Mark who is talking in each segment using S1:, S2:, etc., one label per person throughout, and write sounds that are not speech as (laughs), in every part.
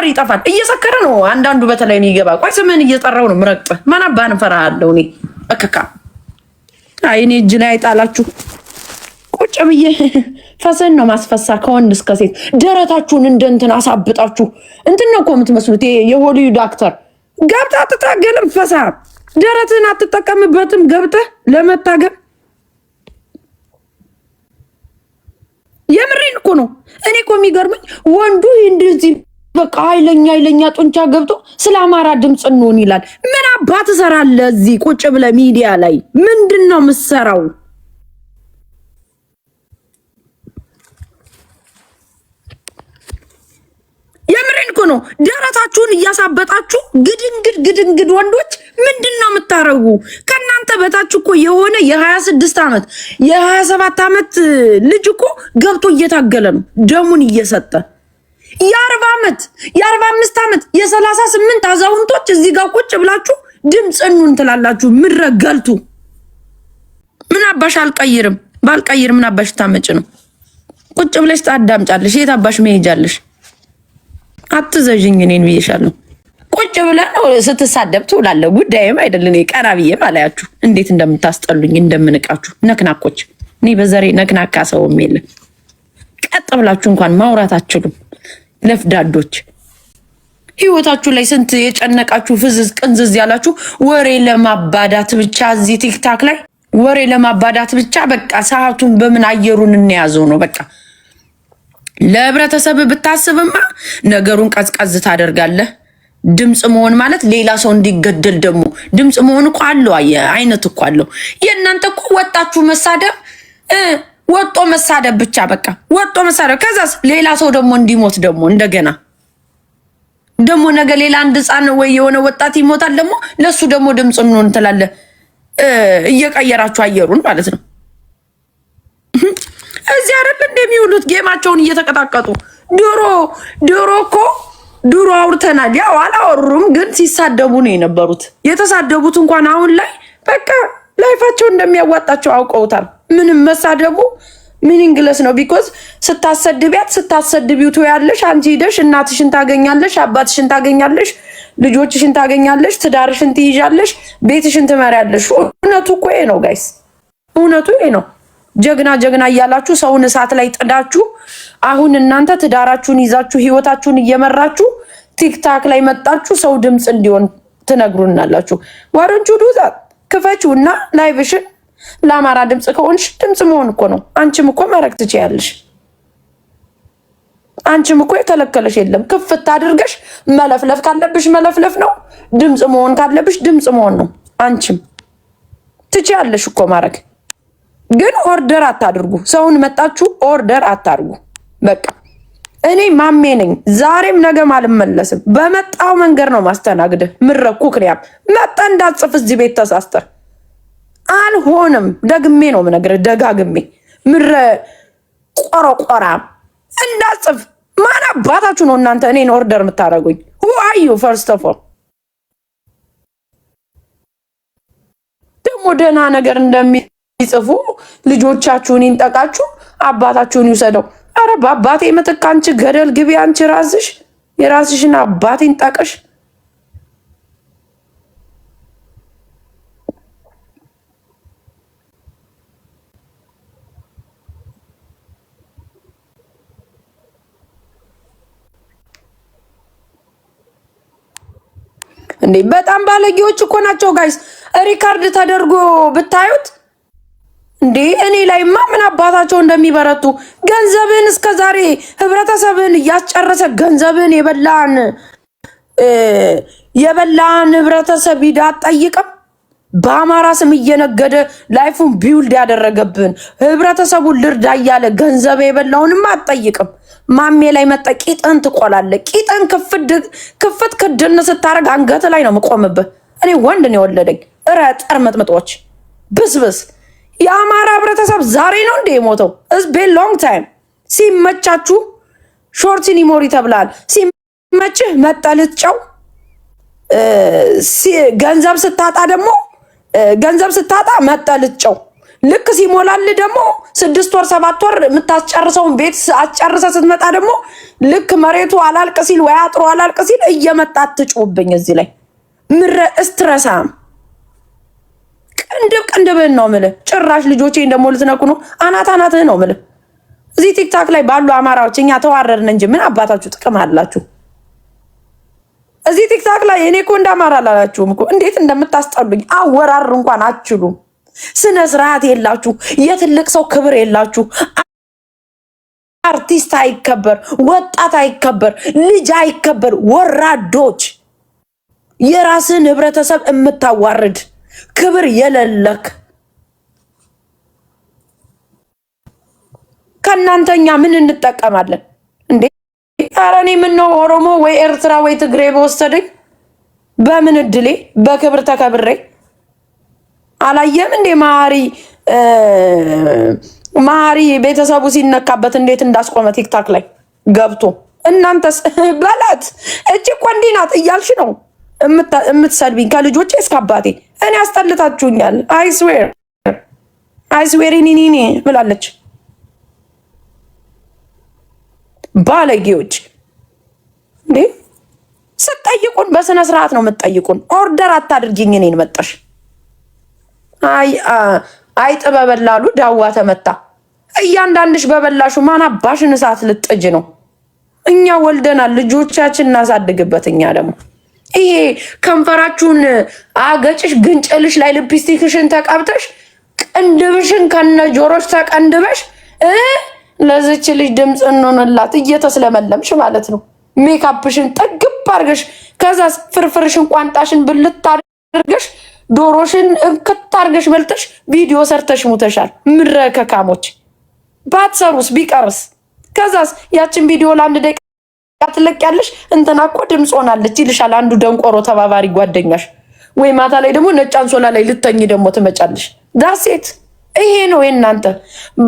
S1: ወሬ ይጠፋል። እየሰከረ ነው አንዳንዱ በተለይ ይገባ። ቆይ ስምን እየጠራው ነው ምረቅጥ ፈራ አለው። እኔ እክካ አይኔ እጅ ላይ አይጣላችሁ። ቁጭ ብዬ ፈሰን ነው ማስፈሳ ከወንድ እስከ ሴት ደረታችሁን እንደ እንትን አሳብጣችሁ እንትን ነው እኮ የምትመስሉት የሆሊውድ አክተር ገብታ አትታገልም። ፈሳ ደረትህን አትጠቀምበትም ገብተህ ለመታገል የምሬን እኮ ነው። እኔ እኮ የሚገርመኝ ወንዱ እንደዚህ በቃ ኃይለኛ ኃይለኛ ጡንቻ ገብቶ ስለ አማራ ድምፅ እንሆን ይላል። ምን አባ ትሰራለ እዚህ ቁጭ ብለ ሚዲያ ላይ ምንድን ነው ምሰራው? የምሬን እኮ ነው። ደረታችሁን እያሳበጣችሁ ግድንግድ ግድንግድ ወንዶች ምንድን ነው የምታረጉ? ከእናንተ በታች እኮ የሆነ የ26 ዓመት የ27 ዓመት ልጅ እኮ ገብቶ እየታገለ ነው ደሙን እየሰጠ የአርባ ዓመት የአርባ አምስት ዓመት የሰላሳ ስምንት አዛውንቶች እዚህ ጋር ቁጭ ብላችሁ ድምፅ ኑን ትላላችሁ። ምረገልቱ ምን አባሽ አልቀይርም ባልቀይር ምን አባሽ ታመጭ ነው? ቁጭ ብለሽ ታዳምጫለሽ። የት አባሽ መሄጃለሽ? አትዘዥኝ እኔን ብዬሻለሁ። ቁጭ ብለን ስትሳደብ ትውላለህ። ጉዳይም አይደል እኔ ቀና ብዬ ባላያችሁ እንዴት እንደምታስጠሉኝ እንደምንቃችሁ ነክናቆች። እኔ በዘሬ ነክናካ ሰውም የለም። ቀጥ ብላችሁ እንኳን ማውራት አችሉም። ነፍዳዶች ህይወታችሁ ላይ ስንት የጨነቃችሁ ፍዝዝ ቅንዝዝ ያላችሁ ወሬ ለማባዳት ብቻ እዚህ ቲክታክ ላይ ወሬ ለማባዳት ብቻ በቃ ሰዓቱን በምን አየሩን እንያዘው ነው በቃ። ለህብረተሰብ ብታስብማ ነገሩን ቀዝቀዝ ታደርጋለህ። ድምፅ መሆን ማለት ሌላ ሰው እንዲገደል ደግሞ ድምፅ መሆን እኮ አለው አይነት እኮ አለው። የእናንተ እኮ ወጣችሁ መሳደብ ወጦ መሳደብ ብቻ በቃ ወጦ መሳደብ። ከዛስ ሌላ ሰው ደግሞ እንዲሞት ደግሞ እንደገና ደግሞ ነገ ሌላ አንድ ሕፃን ወይ የሆነ ወጣት ይሞታል። ደግሞ ለሱ ደግሞ ድምፅ እንሆን ትላለ። እየቀየራችሁ አየሩን ማለት ነው። እዚህ አረብ እንደሚውሉት ጌማቸውን እየተቀጣቀጡ ድሮ ድሮ እኮ ድሮ አውርተናል። ያው አላወሩም፣ ግን ሲሳደቡ ነው የነበሩት። የተሳደቡት እንኳን አሁን ላይ በቃ ላይፋቸው እንደሚያዋጣቸው አውቀውታል። ምንም መሳደቡ ሚኒንግለስ ነው። ቢኮዝ ስታሰድቢያት ስታሰድቢው ትውያለሽ። አንቺ ሂደሽ እናትሽን ታገኛለሽ፣ አባትሽን ታገኛለሽ፣ ልጆችሽን ታገኛለሽ፣ ትዳርሽን ትይዣለሽ፣ ቤትሽን ትመሪያለሽ። እውነቱ እኮ ይሄ ነው ጋይስ፣ እውነቱ ይሄ ነው። ጀግና ጀግና እያላችሁ ሰውን እሳት ላይ ጥዳችሁ፣ አሁን እናንተ ትዳራችሁን ይዛችሁ ህይወታችሁን እየመራችሁ ቲክታክ ላይ መጣችሁ ሰው ድምፅ እንዲሆን ትነግሩናላችሁ። ዋረንቹ ዱዛ ክፈችው እና ላይቭሽን ለአማራ ድምፅ ከሆንሽ ድምፅ መሆን እኮ ነው። አንቺም እኮ ማድረግ ትችያለሽ። አንቺም እኮ የተለከለሽ የለም። ክፍት አድርገሽ መለፍለፍ ካለብሽ መለፍለፍ ነው። ድምፅ መሆን ካለብሽ ድምፅ መሆን ነው። አንቺም ትችያለሽ እኮ ማድረግ። ግን ኦርደር አታድርጉ። ሰውን መጣችሁ ኦርደር አታድርጉ። በቃ እኔ ማሜ ነኝ። ዛሬም ነገም አልመለስም። በመጣው መንገድ ነው ማስተናግድህ። ምረኩ ክንያም መጣ እንዳጽፍ እዚህ ቤት ተሳስተር አልሆንም። ደግሜ ነው የምነግርህ፣ ደጋግሜ ምረ ቆረቆራ እንዳጽፍ ማን አባታችሁ ነው እናንተ እኔን ኦርደር የምታደርጉኝ? ሁ አዩ ፈርስት ኦፍ ኦል ደግሞ ደህና ነገር እንደሚጽፉ ልጆቻችሁን ይንጠቃችሁ፣ አባታችሁን ይውሰደው። አረ በአባቴ ምትክ አንቺ ገደል ግቢ አንቺ ራስሽ የራስሽን አባቴን ጠቅሽ እንዴ በጣም ባለጌዎች እኮ ናቸው ጋይስ። ሪካርድ ተደርጎ ብታዩት እንዴ እኔ ላይማ ምን አባታቸው እንደሚበረቱ ገንዘብን እስከ ዛሬ ህብረተሰብን እያስጨረሰ ገንዘብን የበላን የበላን ህብረተሰብ ሂዳ አትጠይቅም። በአማራ ስም እየነገደ ላይፉን ቢውልድ ያደረገብን ህብረተሰቡን ልርዳ እያለ ገንዘብ የበላውንም አትጠይቅም። ማሜ ላይ መጣ ቂጥን ትቆላለ። ቂጥን ክፍት ክድን ስታደርግ አንገት ላይ ነው የምቆምብህ። እኔ ወንድ ነው የወለደኝ። እረጠር መጥመጦች ብስብስ። የአማራ ህብረተሰብ ዛሬ ነው እንደ የሞተው። እዝቤ ሎንግ ታይም ሲመቻችሁ ሾርቲን ይሞሪ ተብላል። ሲመችህ መጠልት ጨው ገንዘብ ስታጣ ደግሞ ገንዘብ ስታጣ መጠልጨው ልክ ሲሞላል ደግሞ ስድስት ወር ሰባት ወር የምታስጨርሰውን ቤት አስጨርሰ ስትመጣ ደግሞ ልክ መሬቱ አላልቅ ሲል ወይ አጥሩ አላልቅ ሲል እየመጣ ትጩብኝ። እዚህ ላይ ምረ እስትረሳም ቅንድብ ቅንድብህን ነው ምልህ። ጭራሽ ልጆቼን ደግሞ ልትነኩ ነው። አናት አናትህ ነው ምልህ። እዚህ ቲክታክ ላይ ባሉ አማራዎች እኛ ተዋረድን እንጂ ምን አባታችሁ ጥቅም አላችሁ? እዚህ ቲክታክ ላይ እኔ እኮ እንዳማራ አላላችሁም እኮ እንዴት እንደምታስጠሉኝ አወራር እንኳን አትችሉም። ስነ ስርዓት የላችሁ፣ የትልቅ ሰው ክብር የላችሁ። አርቲስት አይከበር፣ ወጣት አይከበር፣ ልጅ አይከበር። ወራዶች፣ የራስን ህብረተሰብ የምታዋርድ ክብር የለለክ ከእናንተኛ ምን እንጠቀማለን? ታዲያ እኔ ምነው ኦሮሞ ወይ ኤርትራ ወይ ትግሬ በወሰደኝ በምን እድሌ በክብር ተከብሬ አላየም እንዴ ማሪ ማሪ ቤተሰቡ ሲነካበት እንዴት እንዳስቆመ ቲክታክ ላይ ገብቶ እናንተስ (laughs) በላት እጅ እኮ እንዲህ ናት እያልሽ ነው የምትሰድብኝ ከልጆቼ እስከ አባቴ እኔ አስጠልታችሁኛል አይስዌር አይስዌር ኒኒኒ ብላለች ባለጌዎች እንዴ! ስትጠይቁን በስነ ስርዓት ነው የምትጠይቁን። ኦርደር አታድርጊኝ እኔን መጠሽ። አይጥ በበላሉ ዳዋ ተመታ። እያንዳንድሽ በበላሹ ማን አባሽን እሳት ልጥጅ ነው? እኛ ወልደናል፣ ልጆቻችን እናሳድግበት። እኛ ደግሞ ይሄ ከንፈራችሁን አገጭሽ ግንጭልሽ ላይ ልፕስቲክሽን ተቀብተሽ ቅንድብሽን ከነ ጆሮች ተቀንድበሽ ለዚች ልጅ ድምፅ እንሆንላት እየተስለመለምሽ ማለት ነው። ሜካፕሽን ጠግብ አርገሽ ከዛ ፍርፍርሽን ቋንጣሽን ብልታርገሽ ዶሮሽን እንክታርገሽ አድርገሽ በልተሽ ቪዲዮ ሰርተሽ ሙተሻል። ምረከካሞች ባትሰሩስ ቢቀርስ? ከዛስ ያችን ቪዲዮ ለአንድ ደቂቃ ትለቅያለሽ። እንትና እኮ ድምፅ ሆናለች ይልሻል አንዱ ደንቆሮ ተባባሪ ጓደኛሽ። ወይ ማታ ላይ ደግሞ ነጭ አንሶላ ላይ ልተኝ ደግሞ ትመጫለሽ ዳሴት ይሄ ነው የእናንተ።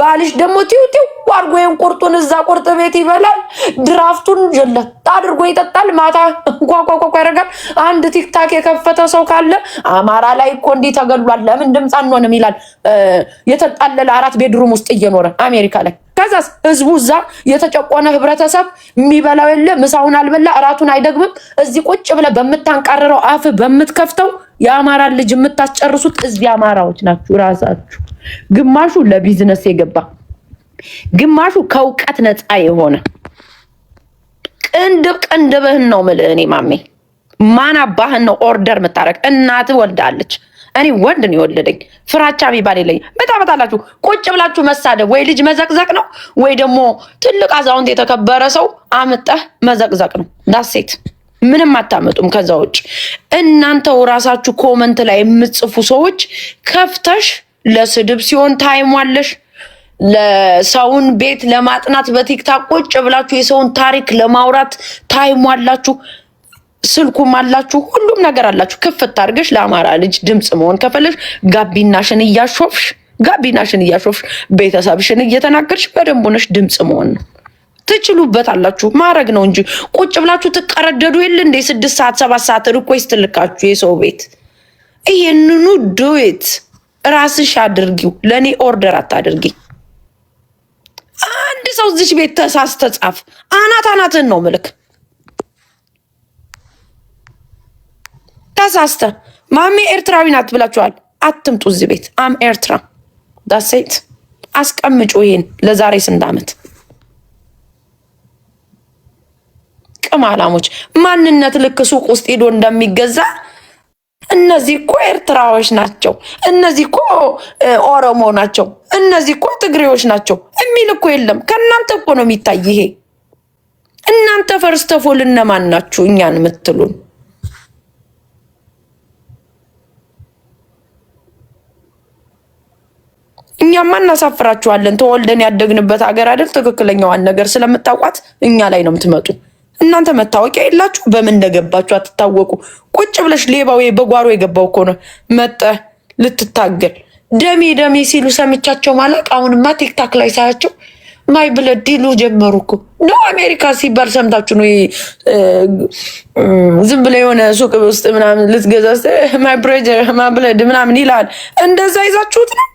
S1: ባልሽ ደግሞ ቲውቲው አድርጎ ይሄን ቁርጡን እዛ ቁርጥ ቤት ይበላል፣ ድራፍቱን ጀለጥ አድርጎ ይጠጣል፣ ማታ ቋቋቋቋ ያደርጋል። አንድ ቲክታክ የከፈተ ሰው ካለ አማራ ላይ እኮ እንዲህ ተገድሏል፣ ለምን ድምፅ አንሆንም ይላል። የተጣለለ አራት ቤድሩም ውስጥ እየኖረ አሜሪካ ላይ ከዛ ህዝቡ እዛ የተጨቆነ ህብረተሰብ የሚበላው የለ ምሳውን አልበላ እራቱን አይደግምም። እዚህ ቁጭ ብለ በምታንቃርረው አፍ በምትከፍተው የአማራ ልጅ የምታስጨርሱት እዚህ አማራዎች ናችሁ ራሳችሁ። ግማሹ ለቢዝነስ የገባ ግማሹ ከእውቀት ነፃ የሆነ ቅንድብ ቅንድብህን ነው የምልህ። እኔ ማሜ ማን አባህን ነው ኦርደር የምታደርግ? እናት ወልዳለች። እኔ ወንድ ነው የወለደኝ። ፍራቻ የሚባል የለኝም። በጣም ቁጭ ብላችሁ መሳደብ ወይ ልጅ መዘቅዘቅ ነው ወይ ደግሞ ትልቅ አዛውንት የተከበረ ሰው አምጠህ መዘቅዘቅ ነው። ዳሴት ምንም አታመጡም። ከዛ ውጭ እናንተው ራሳችሁ ኮመንት ላይ የምትጽፉ ሰዎች ከፍተሽ ለስድብ ሲሆን ታይም አለሽ። ለሰውን ቤት ለማጥናት በቲክታክ ቁጭ ብላችሁ የሰውን ታሪክ ለማውራት ታይም አላችሁ። ስልኩም አላችሁ፣ ሁሉም ነገር አላችሁ። ክፍት አድርገሽ ለአማራ ልጅ ድምፅ መሆን ከፈለሽ ጋቢናሽን እያሾፍሽ ጋቢናሽን እያሾፍሽ ቤተሰብሽን እየተናገርሽ በደንብ ሆነሽ ድምፅ መሆን ነው። ትችሉበት አላችሁ ማድረግ ነው እንጂ ቁጭ ብላችሁ ትቀረደዱ የለ እንደ ስድስት ሰዓት ሰባት ሰዓት ሪኩዌስት ልካችሁ የሰው ቤት ይህንኑ ዱዌት ራስሽ አድርጊው። ለእኔ ኦርደር አታድርጊ። አንድ ሰው እዚች ቤት ተሳስተ ተጻፍ አናት አናትን ነው ምልክ ተሳስተ ማሜ ኤርትራዊ ናት ብላችኋል። አትምጡ እዚህ ቤት። አም ኤርትራ ዳሴት አስቀምጩ። ይሄን ለዛሬ ስንት ዓመት ቅም አላሞች ማንነት ልክ ሱቅ ውስጥ ሄዶ እንደሚገዛ እነዚህ እኮ ኤርትራዎች ናቸው፣ እነዚህ እኮ ኦሮሞ ናቸው፣ እነዚህ እኮ ትግሬዎች ናቸው የሚል እኮ የለም። ከእናንተ እኮ ነው የሚታይ ይሄ። እናንተ ፈርስተፎል እነማን ናችሁ እኛን የምትሉን? እኛማ እናሳፍራችኋለን። ተወልደን ያደግንበት ሀገር አይደል? ትክክለኛዋን ነገር ስለምታውቋት እኛ ላይ ነው የምትመጡ። እናንተ መታወቂያ የላችሁ፣ በምን እንደገባችሁ አትታወቁ። ቁጭ ብለሽ ሌባው በጓሮ የገባው እኮ ነው መጠ ልትታገል ደሜ ደሜ ሲሉ ሰምቻቸው ማለቅ። አሁንማ ቲክታክ ላይ ሳያቸው ማይ ብለ ዲሉ ጀመሩ እኮ ነው። አሜሪካ ሲባል ሰምታችሁ ነው ዝም ብለ የሆነ ሱቅ ውስጥ ምናምን ልትገዛ ማይ ብሬጀር ማይ ብለድ ምናምን ይላል። እንደዛ ይዛችሁት ነው።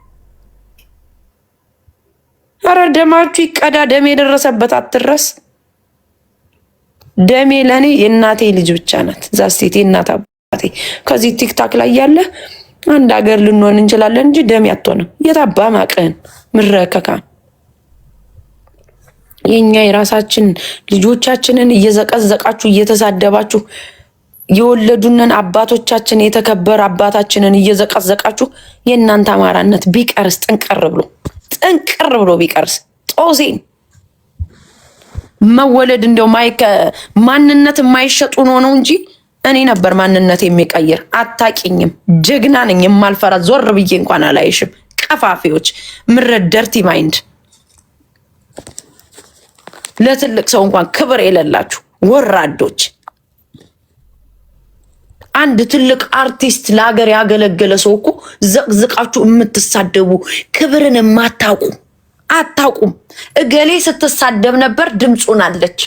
S1: ኧረ ደማችሁ ይቀዳ። ደሜ የደረሰበት አትድረስ። ደሜ ለእኔ የእናቴ ልጅ ብቻ ናት። እዛ ሴቴ እናት አባቴ። ከዚህ ቲክታክ ላይ ያለ አንድ ሀገር ልንሆን እንችላለን እንጂ ደሜ አትሆንም። የታባ ማቀን ምረከካ የእኛ የራሳችን ልጆቻችንን እየዘቀዘቃችሁ እየተሳደባችሁ የወለዱንን አባቶቻችን የተከበረ አባታችንን እየዘቀዘቃችሁ የእናንተ አማራነት ቢቀርስ ጥንቅር ብሎ ጥንቅር ብሎ ቢቀርስ ጦሴን መወለድ እንደው ማንነት የማይሸጡ ነው ነው እንጂ እኔ ነበር ማንነት የሚቀይር። አታቂኝም። ጀግና ነኝ። የማልፈራ ዞር ብዬ እንኳን አላይሽም። ቀፋፊዎች ምረት ደርቲ ማይንድ ለትልቅ ሰው እንኳን ክብር የሌላችሁ ወራዶች። አንድ ትልቅ አርቲስት ለሀገር ያገለገለ ሰው እኮ ዘቅዝቃችሁ የምትሳደቡ ክብርን የማታውቁ አታውቁም። እገሌ ስትሳደብ ነበር፣ ድምፁን አለች።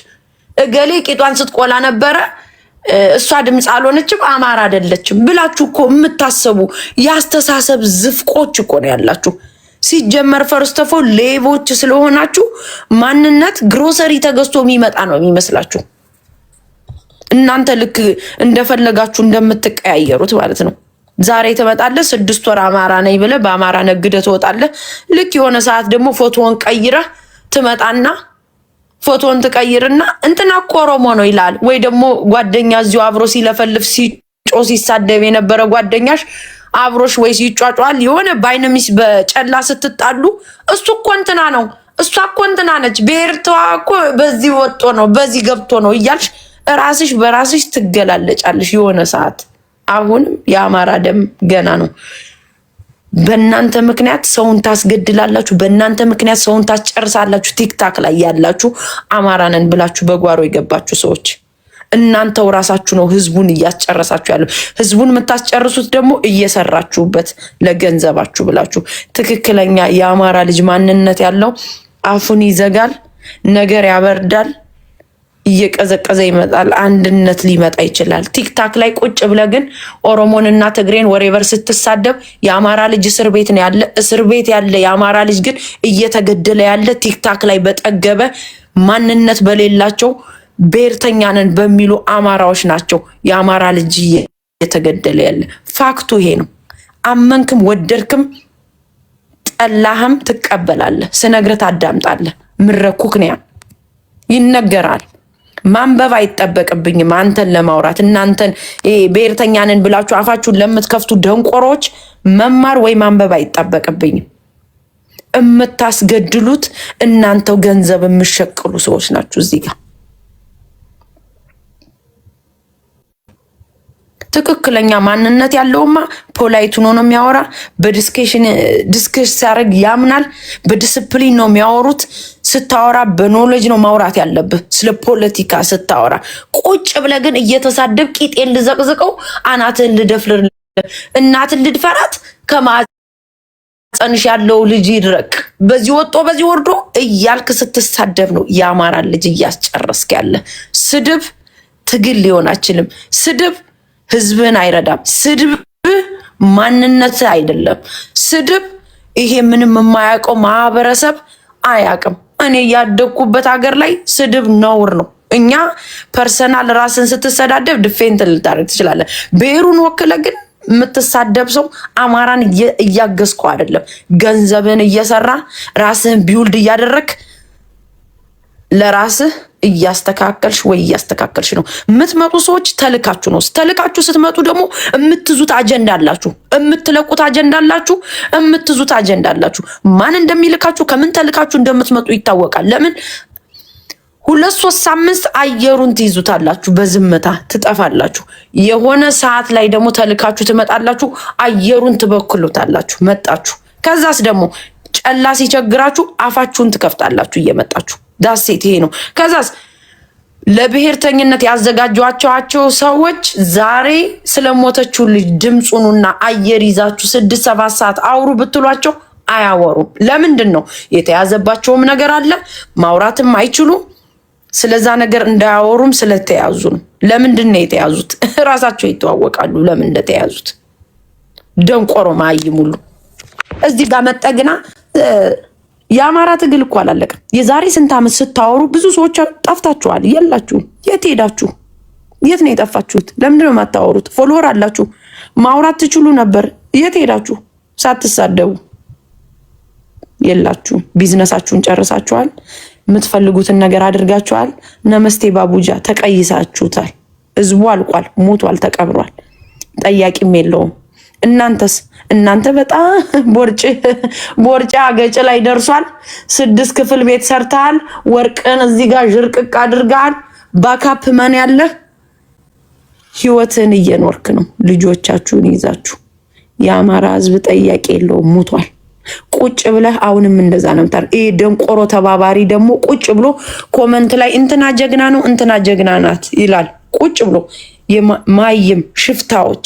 S1: እገሌ ቂጧን ስትቆላ ነበረ፣ እሷ ድምፅ አልሆነችም፣ አማራ አይደለችም ብላችሁ እኮ የምታሰቡ የአስተሳሰብ ዝፍቆች እኮ ነው ያላችሁ። ሲጀመር ፈርስተፎ ሌቦች ስለሆናችሁ ማንነት ግሮሰሪ ተገዝቶ የሚመጣ ነው የሚመስላችሁ እናንተ ልክ እንደፈለጋችሁ እንደምትቀያየሩት ማለት ነው። ዛሬ ትመጣለህ፣ ስድስት ወር አማራ ነኝ ብለህ በአማራ ነግደህ ትወጣለህ። ልክ የሆነ ሰዓት ደግሞ ፎቶን ቀይረህ ትመጣና ፎቶን ትቀይርና እንትና እኮ ኦሮሞ ነው ይላል። ወይ ደግሞ ጓደኛ እዚሁ አብሮ ሲለፈልፍ ሲጮ ሲሳደብ የነበረ ጓደኛሽ አብሮሽ ወይ ሲጫጫል የሆነ ባይነሚስ በጨላ ስትጣሉ እሱ እኮ እንትና ነው እሷ እኮ እንትና ነች፣ ብሔርተዋ እኮ በዚህ ወጦ ነው በዚህ ገብቶ ነው እያልሽ ራስሽ በራስሽ ትገላለጫለሽ የሆነ ሰዓት አሁንም የአማራ ደም ገና ነው። በእናንተ ምክንያት ሰውን ታስገድላላችሁ። በእናንተ ምክንያት ሰውን ታስጨርሳላችሁ። ቲክታክ ላይ ያላችሁ አማራ ነን ብላችሁ በጓሮ የገባችሁ ሰዎች እናንተው ራሳችሁ ነው ህዝቡን እያስጨረሳችሁ ያለው። ህዝቡን የምታስጨርሱት ደግሞ እየሰራችሁበት ለገንዘባችሁ ብላችሁ። ትክክለኛ የአማራ ልጅ ማንነት ያለው አፉን ይዘጋል፣ ነገር ያበርዳል እየቀዘቀዘ ይመጣል። አንድነት ሊመጣ ይችላል። ቲክታክ ላይ ቁጭ ብለ ግን ኦሮሞን እና ትግሬን ወሬቨር ስትሳደብ የአማራ ልጅ እስር ቤት ነው ያለ። እስር ቤት ያለ የአማራ ልጅ ግን እየተገደለ ያለ ቲክታክ ላይ በጠገበ ማንነት በሌላቸው ብሔርተኛ በሚሉ አማራዎች ናቸው የአማራ ልጅ እየተገደለ ያለ። ፋክቱ ይሄ ነው። አመንክም ወደድክም ጠላህም ትቀበላለህ። ስነግርህ ታዳምጣለህ። ምረኩክ ነው ይነገራል። ማንበብ አይጠበቅብኝም አንተን ለማውራት እናንተን ብሔርተኛንን ብላችሁ አፋችሁን ለምትከፍቱ ደንቆሮች መማር ወይ ማንበብ አይጠበቅብኝም። እምታስገድሉት እናንተው ገንዘብ የምሸቅሉ ሰዎች ናችሁ። እዚህ ጋር ትክክለኛ ማንነት ያለውማ ፖላይቱ ነው ነው የሚያወራ። በዲስከሽን ዲስከስ ሲያደርግ ያምናል። በዲስፕሊን ነው የሚያወሩት። ስታወራ በኖሌጅ ነው ማውራት ያለብህ። ስለ ፖለቲካ ስታወራ ቁጭ ብለህ ግን እየተሳደብ ቂጤን ልዘቅዝቀው፣ አናትህን ልደፍልር፣ እናትን ልድፈራት፣ ከማፀንሽ ያለው ልጅ ይድረቅ፣ በዚህ ወጦ በዚህ ወርዶ እያልክ ስትሳደብ ነው የአማራ ልጅ እያስጨረስክ ያለ። ስድብ ትግል ሊሆን አይችልም። ስድብ ህዝብን አይረዳም። ስድብ ማንነት አይደለም። ስድብ ይሄ ምንም የማያውቀው ማህበረሰብ አያውቅም። እኔ ያደግኩበት ሀገር ላይ ስድብ ነውር ነው። እኛ ፐርሰናል ራስን ስትሰዳደብ ድፌንት ልታደርግ ትችላለን። ብሔሩን ወክለ ግን የምትሳደብ ሰው አማራን እያገዝኩ አይደለም። ገንዘብን እየሰራ ራስን ቢውልድ እያደረግ ለራስህ እያስተካከልሽ ወይ እያስተካከልሽ ነው የምትመጡ ሰዎች ተልካችሁ ነው። ተልካችሁ ስትመጡ ደግሞ የምትዙት አጀንዳ አላችሁ፣ የምትለቁት አጀንዳ አላችሁ፣ የምትዙት አጀንዳ አላችሁ። ማን እንደሚልካችሁ ከምን ተልካችሁ እንደምትመጡ ይታወቃል። ለምን ሁለት ሶስት ሳምንት አየሩን ትይዙታላችሁ፣ በዝምታ ትጠፋላችሁ። የሆነ ሰዓት ላይ ደግሞ ተልካችሁ ትመጣላችሁ፣ አየሩን ትበክሉታላችሁ። መጣችሁ። ከዛስ ደግሞ ጨላ ሲቸግራችሁ አፋችሁን ትከፍታላችሁ እየመጣችሁ ዳሴት ይሄ ነው። ከዛስ ለብሔርተኝነት ያዘጋጇቸዋቸው ሰዎች ዛሬ ስለሞተችው ልጅ ድምፁንና አየር ይዛችሁ ስድስት ሰባት ሰዓት አውሩ ብትሏቸው አያወሩም። ለምንድን ነው? የተያዘባቸውም ነገር አለ። ማውራትም አይችሉም። ስለዛ ነገር እንዳያወሩም ስለተያዙ ነው። ለምንድን ነው የተያዙት? (laughs) ራሳቸው ይተዋወቃሉ። ለምን እንደተያዙት ደንቆሮ ማይሙሉ እዚህ ጋር መጠግና የአማራ ትግል እኮ አላለቀም። የዛሬ ስንት ዓመት ስታወሩ ብዙ ሰዎች ጠፍታችኋል። የላችሁ የት ሄዳችሁ? የት ነው የጠፋችሁት? ለምንድን ነው የማታወሩት? ፎሎወር አላችሁ፣ ማውራት ትችሉ ነበር። የት ሄዳችሁ? ሳትሳደቡ የላችሁ። ቢዝነሳችሁን ጨርሳችኋል። የምትፈልጉትን ነገር አድርጋችኋል። ነመስቴ ባቡጃ ተቀይሳችሁታል። ህዝቡ አልቋል፣ ሞቷል፣ ተቀብሯል። ጠያቂም የለውም። እናንተስ እናንተ በጣም ቦርጭ ቦርጭ አገጭ ላይ ደርሷል። ስድስት ክፍል ቤት ሰርተሃል። ወርቅን እዚህ ጋር ዥርቅቅ አድርገሃል። ባካፕ መን ያለ ህይወትን እየኖርክ ነው። ልጆቻችሁን ይዛችሁ የአማራ ህዝብ ጠያቄ የለውም፣ ሞቷል። ቁጭ ብለህ አሁንም እንደዛ ነው የምታደርገው። ይህ ደንቆሮ ተባባሪ ደግሞ ቁጭ ብሎ ኮመንት ላይ እንትና ጀግና ነው እንትና ጀግና ናት ይላል። ቁጭ ብሎ ማይም ሽፍታዎች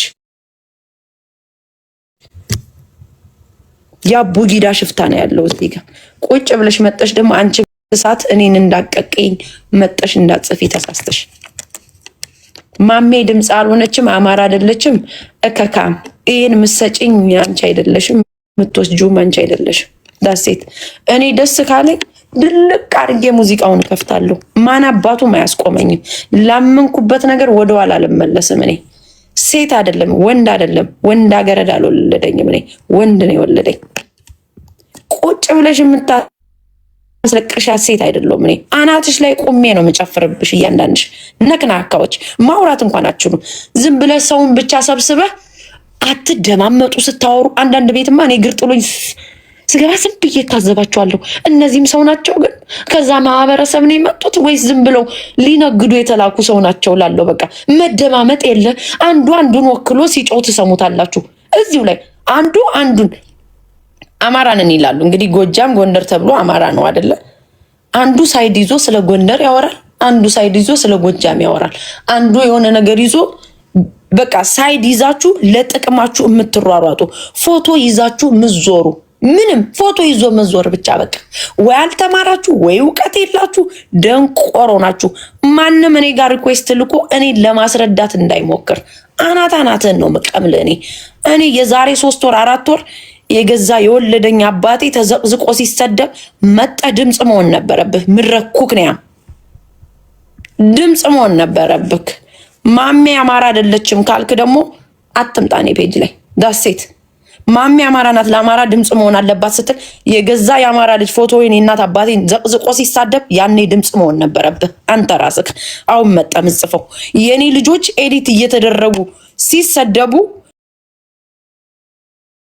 S1: የአቡጊዳ ሽፍታ ነው ያለው እዚህ ጋር። ቁጭ ብለሽ መጠሽ ደግሞ አንቺ እሳት እኔን እንዳቀቀኝ መጠሽ እንዳጽፊ ተሳስተሽ። ማሜ ድምፅ አልሆነችም፣ አማራ አይደለችም። እከካም ይህን ምሰጭኝ አንቺ አይደለሽም፣ ምትወስጂውም አንቺ አይደለሽም። ዳሴት እኔ ደስ ካለኝ ድልቅ አድርጌ ሙዚቃውን ከፍታለሁ። ማን አባቱም አያስቆመኝም። ላመንኩበት ነገር ወደኋላ አልመለስም። እኔ ሴት አይደለም ወንድ አይደለም ወንድ አገረድ አልወለደኝም። እኔ ወንድ ነው የወለደኝ። ቁጭ ብለሽ የምታስለቅሻት ሴት አይደለሁም እኔ። አናትሽ ላይ ቁሜ ነው የምጨፍርብሽ። እያንዳንድሽ ነክናካዎች ማውራት እንኳን አችሉ። ዝም ብለሽ ሰውን ብቻ ሰብስበህ አትደማመጡ ስታወሩ። አንዳንድ ቤትማ እኔ ግርጥሎኝ ስገባ ዝም ብዬ ታዘባቸዋለሁ። እነዚህም ሰው ናቸው ግን ከዛ ማህበረሰብ ነው የመጡት ወይስ ዝም ብለው ሊነግዱ የተላኩ ሰው ናቸው ላለው በቃ መደማመጥ የለ። አንዱ አንዱን ወክሎ ሲጮህ ትሰሙታላችሁ። እዚሁ ላይ አንዱ አንዱን አማራንን ይላሉ። እንግዲህ ጎጃም ጎንደር ተብሎ አማራ ነው አደለ? አንዱ ሳይድ ይዞ ስለ ጎንደር ያወራል፣ አንዱ ሳይድ ይዞ ስለ ጎጃም ያወራል። አንዱ የሆነ ነገር ይዞ በቃ ሳይድ ይዛችሁ ለጥቅማችሁ የምትሯሯጡ ፎቶ ይዛችሁ ምዞሩ ምንም ፎቶ ይዞ መዞር ብቻ በቃ ወይ አልተማራችሁ ወይ እውቀት የላችሁ ደንቆሮ ናችሁ። ማንም እኔ ጋር ሪኩዌስት ልኮ እኔን ለማስረዳት እንዳይሞክር አናት አናትን ነው መቀምል እኔ እኔ የዛሬ ሶስት ወር አራት ወር የገዛ የወለደኝ አባቴ ተዘቅዝቆ ሲሰደብ መጠ ድምፅ መሆን ነበረብህ። ምረኩክ ነያ ድምፅ መሆን ነበረብክ። ማሜ አማራ አይደለችም ካልክ ደግሞ አትምጣኔ ፔጅ ላይ ዳሴት ማሜ አማራ ናት ለአማራ ድምፅ መሆን አለባት ስትል የገዛ የአማራ ልጅ ፎቶ ወይኔ እናት አባቴን ዘቅዝቆ ሲሳደብ ያኔ ድምፅ መሆን ነበረብህ አንተ ራስክ። አሁን መጠ ምጽፈው የእኔ ልጆች ኤዲት እየተደረጉ ሲሰደቡ